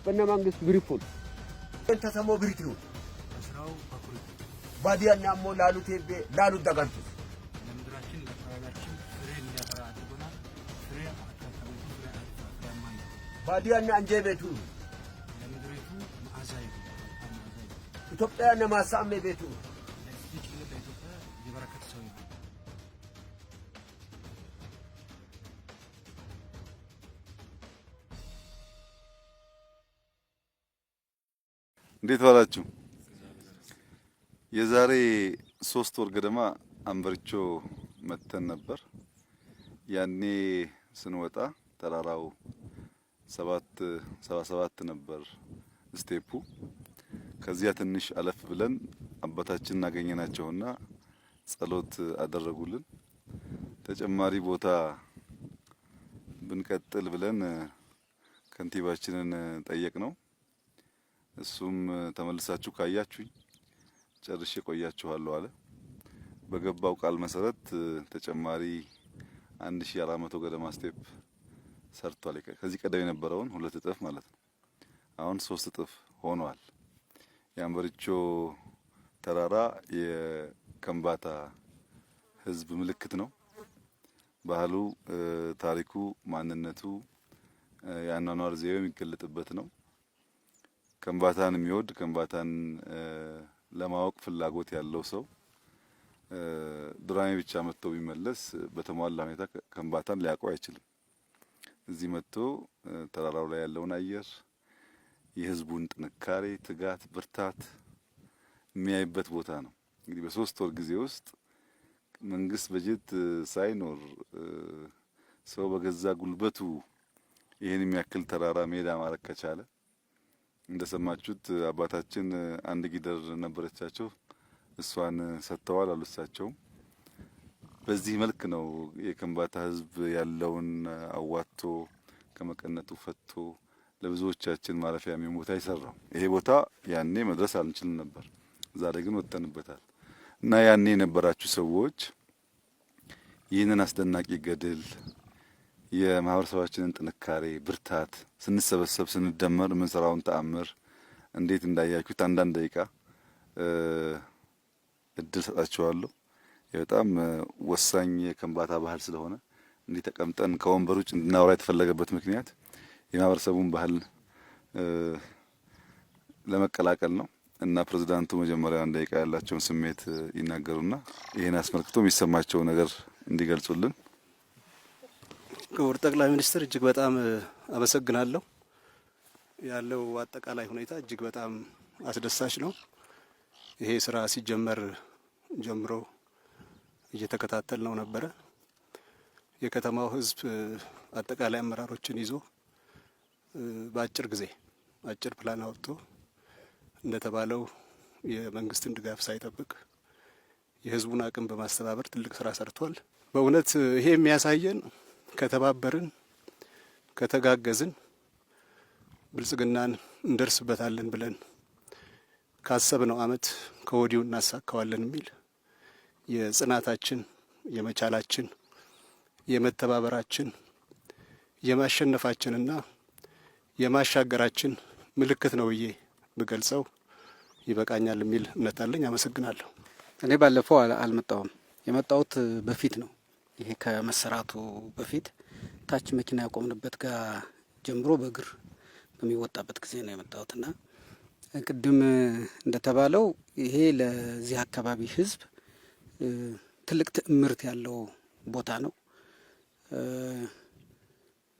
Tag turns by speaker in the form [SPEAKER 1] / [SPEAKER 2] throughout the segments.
[SPEAKER 1] ሎጵና መንግስት ግሪፉን
[SPEAKER 2] ተሰሞ ብሪት ነው ባዲያ ሞ ላሉ ቴቤ ላሉ ደጋንቱ
[SPEAKER 3] ለምድራችን ለአካባቢያችን ፍሬ አድርጎናል። ፍሬ ነው። ቤቱ ለምድሪቱ
[SPEAKER 2] ኢትዮጵያ ነማሳሜ ቤቱ
[SPEAKER 4] እንዴት ዋላችሁ? የዛሬ ሶስት ወር ገደማ አንበርቾ መተን ነበር። ያኔ ስንወጣ ተራራው ሰባት ሰባ ሰባት ነበር ስቴፑ። ከዚያ ትንሽ አለፍ ብለን አባታችንን አገኘናቸውና ጸሎት አደረጉልን። ተጨማሪ ቦታ ብንቀጥል ብለን ከንቲባችንን ጠየቅ ነው እሱም ተመልሳችሁ ካያችሁኝ ጨርሼ ቆያችኋለሁ አለ። በገባው ቃል መሰረት ተጨማሪ 1400 ገደማ ስቴፕ ሰርቷል። ከዚህ ቀደም የነበረውን ሁለት እጥፍ ማለት ነው። አሁን ሶስት እጥፍ ሆኗል። የአንበሪቾ ተራራ የከምባታ ህዝብ ምልክት ነው። ባህሉ፣ ታሪኩ፣ ማንነቱ የአኗኗር ዘይቤው የሚገለጥበት ነው። ከንባታን የሚወድ ከንባታን ለማወቅ ፍላጎት ያለው ሰው ዱራሜ ብቻ መጥቶ ቢመለስ በተሟላ ሁኔታ ከንባታን ሊያውቀው አይችልም። እዚህ መጥቶ ተራራው ላይ ያለውን አየር፣ የህዝቡን ጥንካሬ፣ ትጋት፣ ብርታት የሚያይበት ቦታ ነው። እንግዲህ በሶስት ወር ጊዜ ውስጥ መንግስት በጀት ሳይኖር ሰው በገዛ ጉልበቱ ይህን የሚያክል ተራራ ሜዳ ማረግ ከቻለ እንደሰማችሁት አባታችን አንድ ጊደር ነበረቻቸው፣ እሷን ሰጥተዋል አሉ በዚህ መልክ ነው የከምባታ ህዝብ ያለውን አዋጥቶ ከመቀነቱ ፈቶ ለብዙዎቻችን ማረፊያ የሚሆን ቦታ ይሰራው። ይሄ ቦታ ያኔ መድረስ አልንችልም ነበር፣ ዛሬ ግን ወጥተንበታል እና ያኔ የነበራችሁ ሰዎች ይህንን አስደናቂ ገድል የማህበረሰባችንን ጥንካሬ ብርታት፣ ስንሰበሰብ ስንደመር የምንሰራውን ተአምር እንዴት እንዳያችሁት አንዳንድ ደቂቃ እድል ሰጣችኋለሁ። በጣም ወሳኝ ከንባታ ባህል ስለሆነ እንዲህ ተቀምጠን ከወንበር ውጭ እንድናወራ የተፈለገበት ምክንያት የማህበረሰቡን ባህል ለመቀላቀል ነው እና ፕሬዝዳንቱ መጀመሪያ አንድ ደቂቃ ያላቸውን ስሜት ይናገሩና ይህን አስመልክቶ የሚሰማቸው ነገር እንዲገልጹልን
[SPEAKER 5] ክቡር ጠቅላይ ሚኒስትር እጅግ በጣም አመሰግናለሁ። ያለው አጠቃላይ ሁኔታ እጅግ በጣም አስደሳች ነው። ይሄ ስራ ሲጀመር ጀምሮ እየተከታተል ነው ነበረ። የከተማው ህዝብ አጠቃላይ አመራሮችን ይዞ በአጭር ጊዜ አጭር ፕላን አውጥቶ እንደተባለው የመንግስትን ድጋፍ ሳይጠብቅ የህዝቡን አቅም በማስተባበር ትልቅ ስራ ሰርቷል። በእውነት ይሄ የሚያሳየን ከተባበርን፣ ከተጋገዝን ብልጽግናን እንደርስበታለን ብለን ካሰብነው አመት ከወዲሁ እናሳካዋለን የሚል የጽናታችን፣ የመቻላችን፣ የመተባበራችን፣ የማሸነፋችንና የማሻገራችን ምልክት ነው ብዬ ብገልጸው ይበቃኛል የሚል እምነት አለኝ። አመሰግናለሁ።
[SPEAKER 6] እኔ ባለፈው አልመጣውም የመጣሁት በፊት ነው። ይሄ ከመሰራቱ በፊት ታች መኪና ያቆምንበት ጋር ጀምሮ በእግር በሚወጣበት ጊዜ ነው የመጣሁት ና ቅድም እንደተባለው ይሄ ለዚህ አካባቢ ህዝብ ትልቅ ትዕምርት ያለው ቦታ ነው።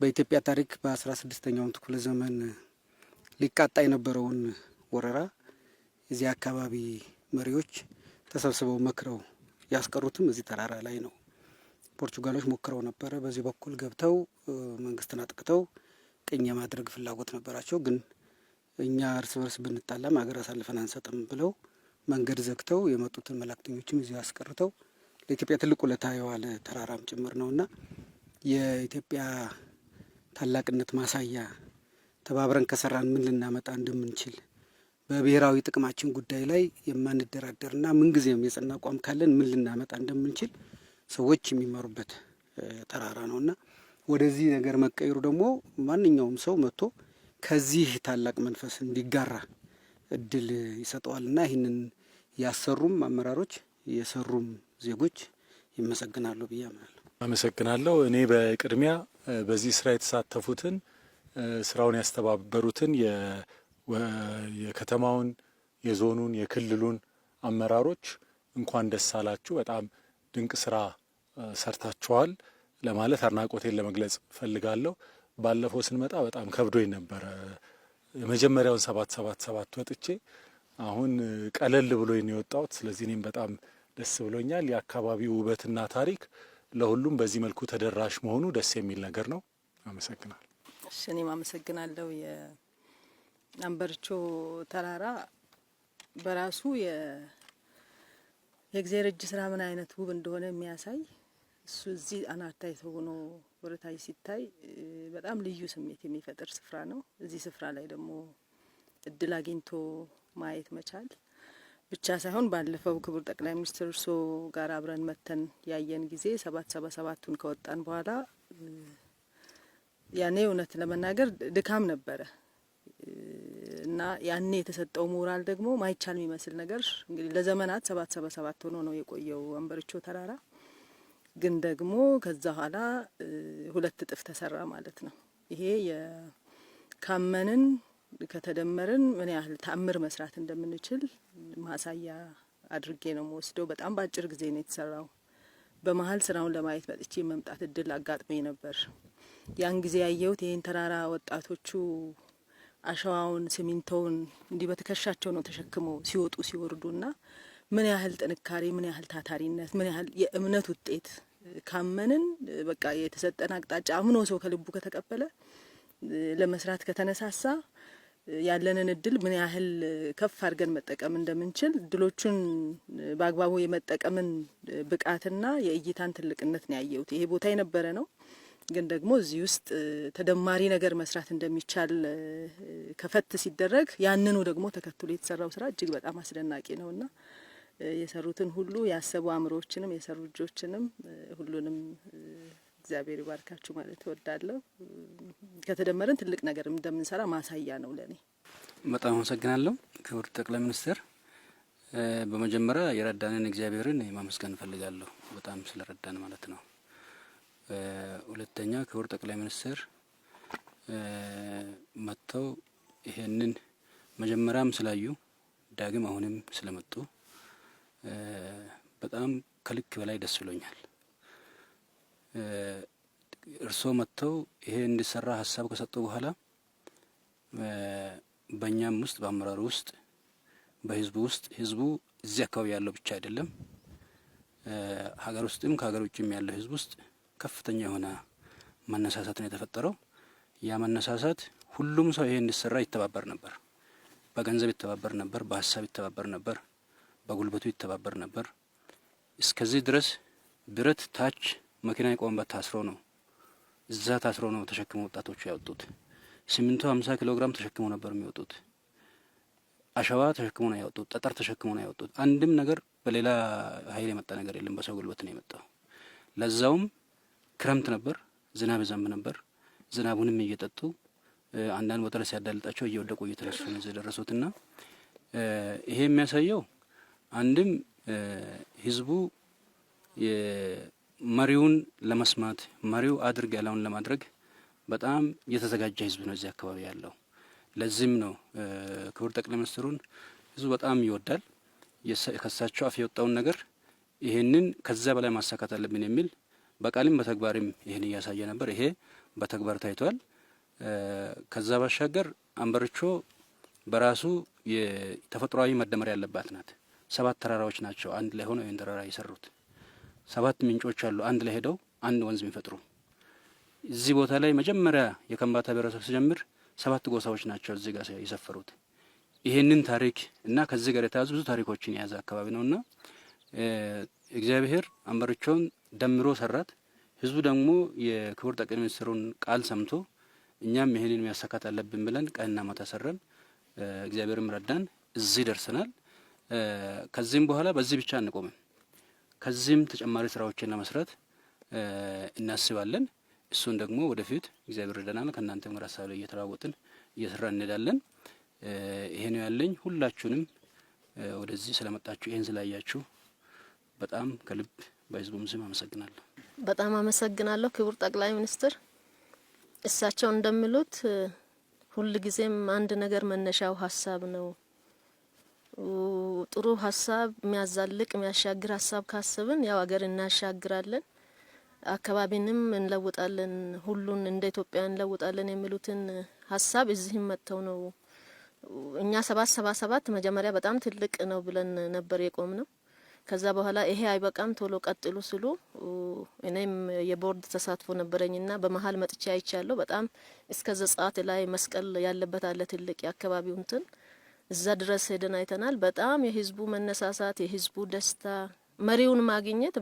[SPEAKER 6] በኢትዮጵያ ታሪክ በአስራ ስድስተኛውን ክፍለ ዘመን ሊቃጣ የነበረውን ወረራ የዚህ አካባቢ መሪዎች ተሰብስበው መክረው ያስቀሩትም እዚህ ተራራ ላይ ነው። ፖርቹጋሎች ሞክረው ነበረ። በዚህ በኩል ገብተው መንግስትን አጥቅተው ቅኝ የማድረግ ፍላጎት ነበራቸው። ግን እኛ እርስ በርስ ብንጣላም ሀገር አሳልፈን አንሰጥም ብለው መንገድ ዘግተው የመጡትን መላክተኞችም እዚሁ አስቀርተው ለኢትዮጵያ ትልቅ ውለታ የዋለ ተራራም ጭምር ነውና የኢትዮጵያ ታላቅነት ማሳያ ተባብረን ከሰራን ምን ልናመጣ እንደምንችል በብሔራዊ ጥቅማችን ጉዳይ ላይ የማንደራደርና ምንጊዜም የጸና አቋም ካለን ምን ልናመጣ እንደምንችል ሰዎች የሚመሩበት ተራራ ነው እና ወደዚህ ነገር መቀየሩ ደግሞ ማንኛውም ሰው መጥቶ ከዚህ ታላቅ መንፈስ እንዲጋራ እድል ይሰጠዋል እና ይህንን ያሰሩም አመራሮች የሰሩም ዜጎች ይመሰግናሉ ብዬ አምናለሁ።
[SPEAKER 7] አመሰግናለሁ። እኔ በቅድሚያ በዚህ ስራ የተሳተፉትን ስራውን ያስተባበሩትን የከተማውን፣ የዞኑን፣ የክልሉን አመራሮች እንኳን ደስ አላችሁ። በጣም ድንቅ ስራ ሰርታችኋል ለማለት አድናቆቴን ለመግለጽ ፈልጋለሁ። ባለፈው ስንመጣ በጣም ከብዶኝ ነበረ። የመጀመሪያውን ሰባት ሰባት ሰባት ወጥቼ አሁን ቀለል ብሎኝ ነው የወጣሁት። ስለዚህ እኔም በጣም ደስ ብሎኛል። የአካባቢው ውበትና ታሪክ ለሁሉም በዚህ መልኩ ተደራሽ መሆኑ ደስ የሚል ነገር ነው። አመሰግናል።
[SPEAKER 8] እሺ እኔም አመሰግናለሁ። የአንበርቾ ተራራ በራሱ የእግዜር እጅ ስራ ምን አይነት ውብ እንደሆነ የሚያሳይ እሱ እዚህ አናታይ ተሆኖ ወረታይ ሲታይ በጣም ልዩ ስሜት የሚፈጥር ስፍራ ነው። እዚህ ስፍራ ላይ ደግሞ እድል አግኝቶ ማየት መቻል ብቻ ሳይሆን ባለፈው ክቡር ጠቅላይ ሚኒስትር እርሶ ጋር አብረን መተን ያየን ጊዜ ሰባት ሰባ ሰባቱን ከወጣን በኋላ ያኔ እውነት ለመናገር ድካም ነበረ እና ያኔ የተሰጠው ሞራል ደግሞ ማይቻል የሚመስል ነገር እንግዲህ ለዘመናት ሰባት ሰባ ሰባት ሆኖ ነው የቆየው አንበርቾ ተራራ ግን ደግሞ ከዛ ኋላ ሁለት እጥፍ ተሰራ ማለት ነው። ይሄ ካመንን ከተደመርን ምን ያህል ተአምር መስራት እንደምንችል ማሳያ አድርጌ ነው የምወስደው። በጣም በአጭር ጊዜ ነው የተሰራው። በመሀል ስራውን ለማየት መጥቼ መምጣት እድል አጋጥሞኝ ነበር። ያን ጊዜ ያየሁት ይህን ተራራ ወጣቶቹ አሸዋውን፣ ሲሚንቶውን እንዲህ በትከሻቸው ነው ተሸክመው ሲወጡ ሲወርዱና ምን ያህል ጥንካሬ፣ ምን ያህል ታታሪነት፣ ምን ያህል የእምነት ውጤት ካመንን በቃ የተሰጠን አቅጣጫ አምኖ ሰው ከልቡ ከተቀበለ ለመስራት ከተነሳሳ ያለንን እድል ምን ያህል ከፍ አድርገን መጠቀም እንደምንችል እድሎቹን በአግባቡ የመጠቀምን ብቃትና የእይታን ትልቅነት ነው ያየሁት። ይሄ ቦታ የነበረ ነው፣ ግን ደግሞ እዚህ ውስጥ ተደማሪ ነገር መስራት እንደሚቻል ከፈት ሲደረግ ያንኑ ደግሞ ተከትሎ የተሰራው ስራ እጅግ በጣም አስደናቂ ነውና የሰሩትን ሁሉ ያሰቡ አእምሮዎችንም የሰሩ እጆችንም ሁሉንም እግዚአብሔር ይባርካችሁ ማለት እወዳለሁ። ከተደመረን ትልቅ ነገር እንደምንሰራ ማሳያ ነው ለእኔ።
[SPEAKER 9] በጣም አመሰግናለሁ ክቡር ጠቅላይ ሚኒስትር። በመጀመሪያ የረዳንን እግዚአብሔርን ማመስገን ፈልጋለሁ በጣም ስለረዳን ማለት ነው። ሁለተኛ ክቡር ጠቅላይ ሚኒስትር መጥተው ይሄንን መጀመሪያም ስላዩ ዳግም አሁንም ስለመጡ በጣም ከልክ በላይ ደስ ብሎኛል። እርስዎ መጥተው ይሄ እንዲሰራ ሀሳብ ከሰጡ በኋላ በእኛም ውስጥ በአመራሩ ውስጥ በህዝቡ ውስጥ ህዝቡ እዚህ አካባቢ ያለው ብቻ አይደለም፣ ሀገር ውስጥም ከሀገር ውጭም ያለው ህዝብ ውስጥ ከፍተኛ የሆነ መነሳሳት ነው የተፈጠረው። ያ መነሳሳት ሁሉም ሰው ይሄ እንዲሰራ ይተባበር ነበር፣ በገንዘብ ይተባበር ነበር፣ በሀሳብ ይተባበር ነበር። በጉልበቱ ይተባበር ነበር። እስከዚህ ድረስ ብረት ታች መኪና የቆመበት ታስሮ ነው፣ እዛ ታስሮ ነው ተሸክሞ ወጣቶቹ ያወጡት። ሲሚንቶ ሀምሳ ኪሎ ግራም ተሸክሞ ነበር የሚወጡት። አሸዋ ተሸክሞ ነው ያወጡት። ጠጠር ተሸክሞ ነው ያወጡት። አንድም ነገር በሌላ ኃይል የመጣ ነገር የለም። በሰው ጉልበት ነው የመጣው። ለዛውም ክረምት ነበር፣ ዝናብ ዘንብ ነበር። ዝናቡንም እየጠጡ አንዳንድ ቦታ ላይ ሲያዳልጣቸው እየወደቁ እየተነሱ ነው የደረሱትና ይሄ የሚያሳየው አንድም ህዝቡ መሪውን ለመስማት መሪው አድርግ ያለውን ለማድረግ በጣም የተዘጋጀ ህዝብ ነው እዚህ አካባቢ ያለው። ለዚህም ነው ክቡር ጠቅላይ ሚኒስትሩን ህዝቡ በጣም ይወዳል። ከሳቸው አፍ የወጣውን ነገር ይህንን ከዛ በላይ ማሳካት አለብን የሚል በቃልም በተግባርም ይህን እያሳየ ነበር። ይሄ በተግባር ታይቷል። ከዛ ባሻገር አንበርቾ በራሱ የተፈጥሯዊ መደመር ያለባት ናት። ሰባት ተራራዎች ናቸው አንድ ላይ ሆነው ይህን ተራራ የሰሩት። ሰባት ምንጮች አሉ አንድ ላይ ሄደው አንድ ወንዝ የሚፈጥሩ። እዚህ ቦታ ላይ መጀመሪያ የከምባታ ብሔረሰብ ሲጀምር ሰባት ጎሳዎች ናቸው እዚህ ጋር የሰፈሩት። ይህንን ታሪክ እና ከዚህ ጋር የተያዙ ብዙ ታሪኮችን የያዘ አካባቢ እና እግዚአብሔር አንበሪቾን ደምሮ ሰራት። ህዝቡ ደግሞ የክቡር ጠቅላይ ሚኒስትሩን ቃል ሰምቶ እኛም ይህንን ማሳካት አለብን ብለን ቀንና ማታ ሰረን እግዚአብሔርም ረዳን፣ እዚህ ደርሰናል። ከዚህም በኋላ በዚህ ብቻ አንቆምም። ከዚህም ተጨማሪ ስራዎችን ለመስራት እናስባለን። እሱን ደግሞ ወደፊት እግዚአብሔር ይረዳናል። ከእናንተም ጋር ሀሳብ ላይ እየተለዋወጥን እየሰራ እንሄዳለን። ይሄ ነው ያለኝ። ሁላችሁንም ወደዚህ ስለመጣችሁ ይህን ስላያችሁ በጣም ከልብ በህዝቡም ስም አመሰግናለሁ።
[SPEAKER 10] በጣም አመሰግናለሁ ክቡር ጠቅላይ ሚኒስትር። እሳቸው እንደሚሉት ጊዜም አንድ ነገር መነሻው ሀሳብ ነው። ጥሩ ሀሳብ የሚያዛልቅ የሚያሻግር ሀሳብ ካስብን ያው ሀገር እናሻግራለን፣ አካባቢንም እንለውጣለን፣ ሁሉን እንደ ኢትዮጵያ እንለውጣለን የሚሉትን ሀሳብ እዚህም መጥተው ነው እኛ ሰባት ሰባ ሰባት መጀመሪያ በጣም ትልቅ ነው ብለን ነበር የቆም ነው። ከዛ በኋላ ይሄ አይበቃም ቶሎ ቀጥሉ ስሉ እኔም የቦርድ ተሳትፎ ነበረኝና በመሀል መጥቻ አይቻለሁ። በጣም እስከ ዘጸአት ላይ መስቀል ያለበት አለ ትልቅ የአካባቢው እንትን እዛ ድረስ ሄደን አይተናል። በጣም የህዝቡ መነሳሳት፣ የህዝቡ ደስታ፣ መሪውን ማግኘት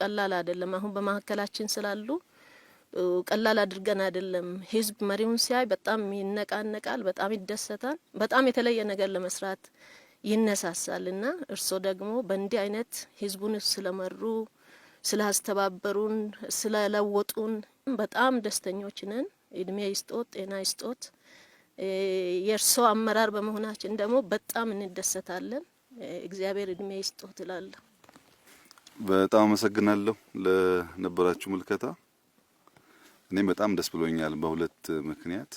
[SPEAKER 10] ቀላል አይደለም። አሁን በመካከላችን ስላሉ ቀላል አድርገን አይደለም። ህዝብ መሪውን ሲያይ በጣም ይነቃነቃል፣ በጣም ይደሰታል፣ በጣም የተለየ ነገር ለመስራት ይነሳሳል እና እርስዎ ደግሞ በእንዲህ አይነት ህዝቡን ስለመሩ ስላስተባበሩን፣ ስለለወጡን በጣም ደስተኞች ነን። እድሜ ይስጦት፣ ጤና ይስጦት። የእርሶ አመራር በመሆናችን ደግሞ በጣም እንደሰታለን። እግዚአብሔር እድሜ ይስጦት እላለሁ።
[SPEAKER 4] በጣም አመሰግናለሁ ለነበራችሁ ምልከታ። እኔም በጣም ደስ ብሎኛል በሁለት ምክንያት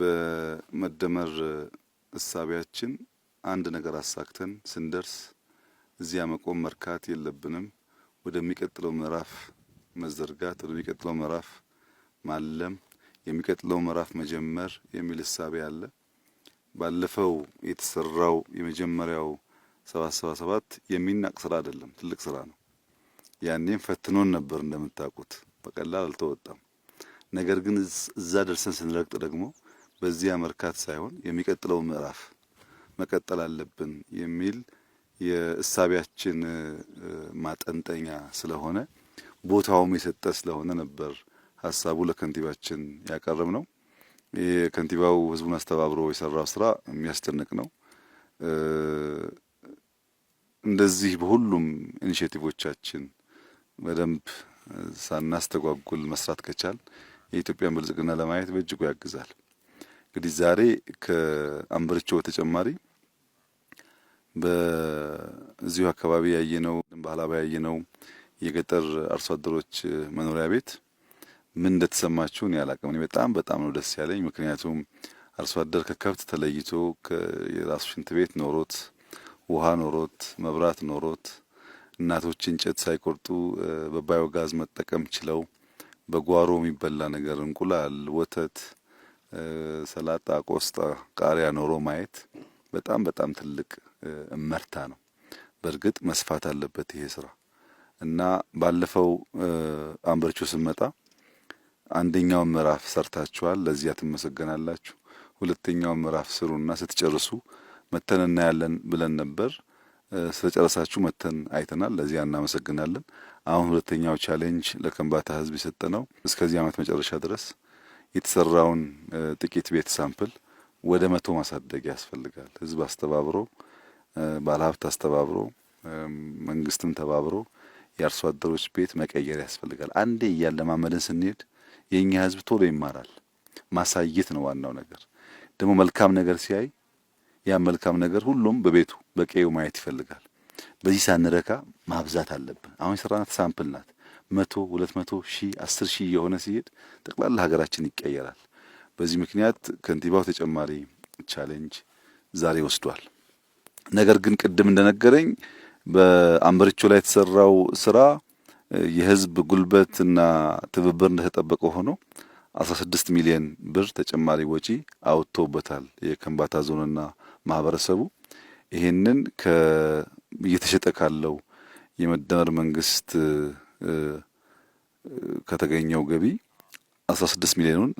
[SPEAKER 4] በመደመር እሳቢያችን አንድ ነገር አሳክተን ስንደርስ እዚያ መቆም መርካት የለብንም። ወደሚቀጥለው ምዕራፍ መዘርጋት፣ ወደሚቀጥለው ምዕራፍ ማለም የሚቀጥለው ምዕራፍ መጀመር የሚል እሳቤ አለ። ባለፈው የተሰራው የመጀመሪያው ሰባት ሰባ ሰባት የሚናቅ ስራ አይደለም፣ ትልቅ ስራ ነው። ያኔም ፈትኖን ነበር እንደምታውቁት፣ በቀላል አልተወጣም። ነገር ግን እዛ ደርሰን ስንረግጥ ደግሞ በዚያ መርካት ሳይሆን የሚቀጥለው ምዕራፍ መቀጠል አለብን የሚል የእሳቢያችን ማጠንጠኛ ስለሆነ ቦታውም የሰጠ ስለሆነ ነበር ሀሳቡ ለከንቲባችን ያቀረብ ነው። የከንቲባው ህዝቡን አስተባብሮ የሰራው ስራ የሚያስደንቅ ነው። እንደዚህ በሁሉም ኢኒሽቲቮቻችን በደንብ ሳናስተጓጉል መስራት ከቻል የኢትዮጵያን ብልጽግና ለማየት በእጅጉ ያግዛል። እንግዲህ ዛሬ ከአንበርቾ በተጨማሪ በዚሁ አካባቢ ያየነው ባህላዊ ያየነው የገጠር አርሶ አደሮች መኖሪያ ቤት ምን እንደተሰማችሁ እኔ አላቅም። እኔ በጣም በጣም ነው ደስ ያለኝ። ምክንያቱም አርሶ አደር ከከብት ተለይቶ የራሱ ሽንት ቤት ኖሮት፣ ውሃ ኖሮት፣ መብራት ኖሮት እናቶች እንጨት ሳይቆርጡ በባዮ ጋዝ መጠቀም ችለው በጓሮ የሚበላ ነገር እንቁላል፣ ወተት፣ ሰላጣ፣ ቆስጣ፣ ቃሪያ ኖሮ ማየት በጣም በጣም ትልቅ እመርታ ነው። በእርግጥ መስፋት አለበት ይሄ ስራ እና ባለፈው አንበርቾ ስመጣ አንደኛው ምዕራፍ ሰርታችኋል፣ ለዚያ ትመሰገናላችሁ። ሁለተኛው ምዕራፍ ስሩና ስትጨርሱ መተን እናያለን ብለን ነበር። ስለጨረሳችሁ መተን አይተናል፣ ለዚያ እናመሰግናለን። አሁን ሁለተኛው ቻሌንጅ ለከምባታ ህዝብ ነው። እስከዚህ ዓመት መጨረሻ ድረስ የተሰራውን ጥቂት ቤት ሳምፕል ወደ መቶ ማሳደግ ያስፈልጋል። ህዝብ አስተባብሮ፣ ባለሀብት አስተባብሮ፣ መንግስትም ተባብሮ የአርሶ አደሮች ቤት መቀየር ያስፈልጋል። አንዴ እያለማመድን ስንሄድ የእኛ ህዝብ ቶሎ ይማራል። ማሳየት ነው ዋናው ነገር። ደግሞ መልካም ነገር ሲያይ ያ መልካም ነገር ሁሉም በቤቱ በቀዩ ማየት ይፈልጋል። በዚህ ሳንረካ ማብዛት አለብን። አሁን የሰራናት ሳምፕል ናት። መቶ ሁለት መቶ ሺህ አስር ሺህ የሆነ ሲሄድ ጠቅላላ ሀገራችን ይቀየራል። በዚህ ምክንያት ከንቲባው ተጨማሪ ቻሌንጅ ዛሬ ወስዷል። ነገር ግን ቅድም እንደነገረኝ በአምበሪቾ ላይ የተሰራው ስራ የህዝብ ጉልበትና ትብብር እንደተጠበቀ ሆኖ 16 ሚሊዮን ብር ተጨማሪ ወጪ አውጥቶበታል። የከንባታ ዞንና ማህበረሰቡ ይህንን እየተሸጠ ካለው የመደመር መንግስት ከተገኘው ገቢ 16 ሚሊዮኑን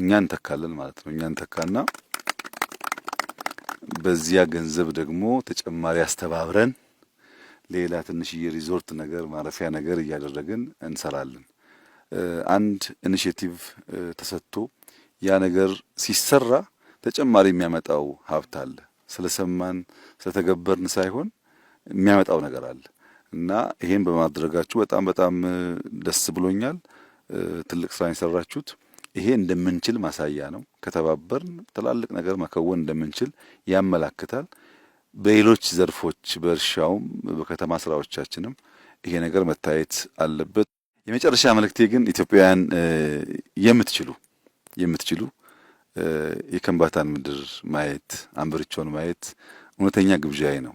[SPEAKER 4] እኛ እንተካለን ማለት ነው። እኛ እንተካና በዚያ ገንዘብ ደግሞ ተጨማሪ አስተባብረን ሌላ ትንሽዬ ሪዞርት ነገር ማረፊያ ነገር እያደረግን እንሰራለን። አንድ ኢኒሽቲቭ ተሰጥቶ ያ ነገር ሲሰራ ተጨማሪ የሚያመጣው ሀብት አለ። ስለሰማን ስለተገበርን ሳይሆን የሚያመጣው ነገር አለ እና ይሄን በማድረጋችሁ በጣም በጣም ደስ ብሎኛል። ትልቅ ስራ የሰራችሁት ይሄ እንደምንችል ማሳያ ነው። ከተባበርን ትላልቅ ነገር መከወን እንደምንችል ያመላክታል። በሌሎች ዘርፎች በእርሻውም በከተማ ስራዎቻችንም ይሄ ነገር መታየት አለበት። የመጨረሻ መልእክቴ ግን ኢትዮጵያውያን የምትችሉ የምትችሉ የከንባታን ምድር ማየት አንበሪቾን ማየት እውነተኛ ግብዣዬ ነው።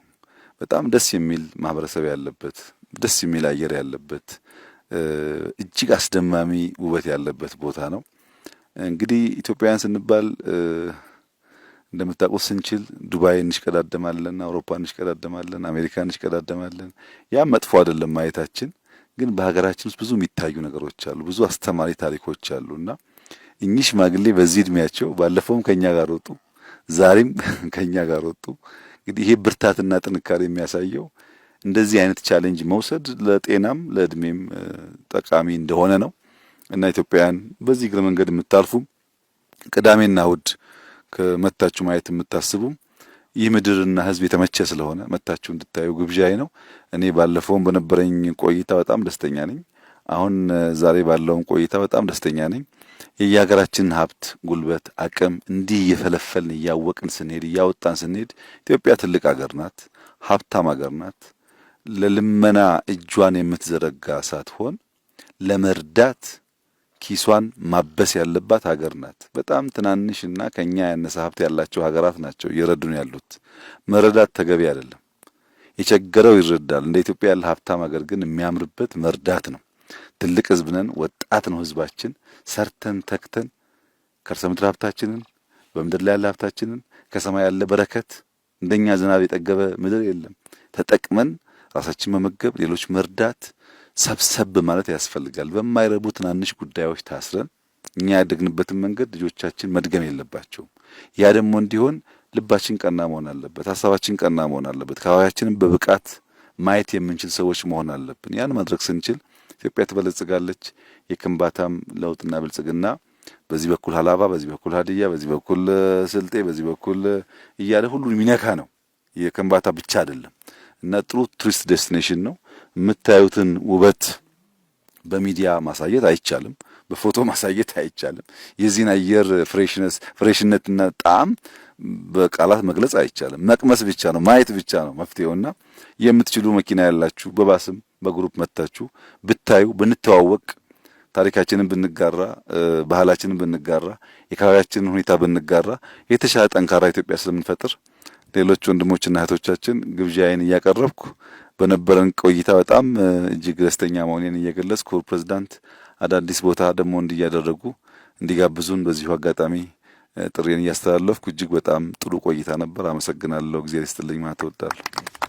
[SPEAKER 4] በጣም ደስ የሚል ማህበረሰብ ያለበት ደስ የሚል አየር ያለበት እጅግ አስደማሚ ውበት ያለበት ቦታ ነው። እንግዲህ ኢትዮጵያውያን ስንባል እንደምታውቁት ስንችል ዱባይ እንሽቀዳደማለን፣ አውሮፓ እንሽቀዳደማለን፣ አሜሪካ እንሽቀዳደማለን። ያ መጥፎ አይደለም ማየታችን። ግን በሀገራችን ውስጥ ብዙ የሚታዩ ነገሮች አሉ፣ ብዙ አስተማሪ ታሪኮች አሉ እና እኚህ ሽማግሌ በዚህ እድሜያቸው ባለፈውም ከኛ ጋር ወጡ፣ ዛሬም ከኛ ጋር ወጡ። እንግዲህ ይሄ ብርታትና ጥንካሬ የሚያሳየው እንደዚህ አይነት ቻሌንጅ መውሰድ ለጤናም ለእድሜም ጠቃሚ እንደሆነ ነው እና ኢትዮጵያውያን በዚህ እግረ መንገድ የምታልፉ ቅዳሜና እሁድ ከመታችሁ ማየት የምታስቡ ይህ ምድርና ህዝብ የተመቸ ስለሆነ መታችሁ እንድታዩ ግብዣዬ ነው። እኔ ባለፈውም በነበረኝ ቆይታ በጣም ደስተኛ ነኝ። አሁን ዛሬ ባለውም ቆይታ በጣም ደስተኛ ነኝ። የየሀገራችንን ሀብት፣ ጉልበት፣ አቅም እንዲህ እየፈለፈልን እያወቅን ስንሄድ እያወጣን ስንሄድ ኢትዮጵያ ትልቅ ሀገር ናት፣ ሀብታም ሀገር ናት። ለልመና እጇን የምትዘረጋ ሳትሆን ለመርዳት ኪሷን ማበስ ያለባት ሀገር ናት። በጣም ትናንሽና ከኛ ያነሰ ሀብት ያላቸው ሀገራት ናቸው እየረዱን ያሉት። መረዳት ተገቢ አይደለም። የቸገረው ይረዳል። እንደ ኢትዮጵያ ያለ ሀብታም ሀገር ግን የሚያምርበት መርዳት ነው። ትልቅ ሕዝብ ነን። ወጣት ነው ህዝባችን ሰርተን ተክተን ከርሰ ምድር ሀብታችንን በምድር ላይ ያለ ሀብታችንን ከሰማይ ያለ በረከት እንደኛ ዝናብ የጠገበ ምድር የለም ተጠቅመን ራሳችን መመገብ፣ ሌሎች መርዳት ሰብሰብ ማለት ያስፈልጋል። በማይረቡ ትናንሽ ጉዳዮች ታስረን እኛ ያደግንበትን መንገድ ልጆቻችን መድገም የለባቸውም። ያ ደግሞ እንዲሆን ልባችን ቀና መሆን አለበት፣ ሀሳባችን ቀና መሆን አለበት። አካባቢያችንን በብቃት ማየት የምንችል ሰዎች መሆን አለብን። ያን ማድረግ ስንችል ኢትዮጵያ ትበለጽጋለች። የክንባታም ለውጥና ብልጽግና በዚህ በኩል ሀላባ፣ በዚህ በኩል ሀዲያ፣ በዚህ በኩል ስልጤ፣ በዚህ በኩል እያለ ሁሉን የሚነካ ነው። የክንባታ ብቻ አይደለም። እና ጥሩ ቱሪስት ዴስቲኔሽን ነው። የምታዩትን ውበት በሚዲያ ማሳየት አይቻልም፣ በፎቶ ማሳየት አይቻልም። የዚህን አየር ፍሬሽነስ ፍሬሽነትና ጣዕም በቃላት መግለጽ አይቻልም። መቅመስ ብቻ ነው፣ ማየት ብቻ ነው መፍትሄውና የምትችሉ መኪና ያላችሁ በባስም በግሩፕ መጥታችሁ ብታዩ ብንተዋወቅ ታሪካችንን ብንጋራ ባህላችንን ብንጋራ የአካባቢያችንን ሁኔታ ብንጋራ የተሻለ ጠንካራ ኢትዮጵያ ስለምንፈጥር ሌሎች ወንድሞችና እህቶቻችን ግብዣዬን እያቀረብኩ በነበረን ቆይታ በጣም እጅግ ደስተኛ መሆኔን እየገለጽኩ ፕሬዚዳንት አዳዲስ ቦታ ደግሞ እንዲያደረጉ እንዲጋብዙን በዚሁ አጋጣሚ ጥሬን እያስተላለፍኩ እጅግ በጣም ጥሩ ቆይታ ነበር። አመሰግናለሁ። ጊዜ ስትልኝ ማለት እወዳለሁ።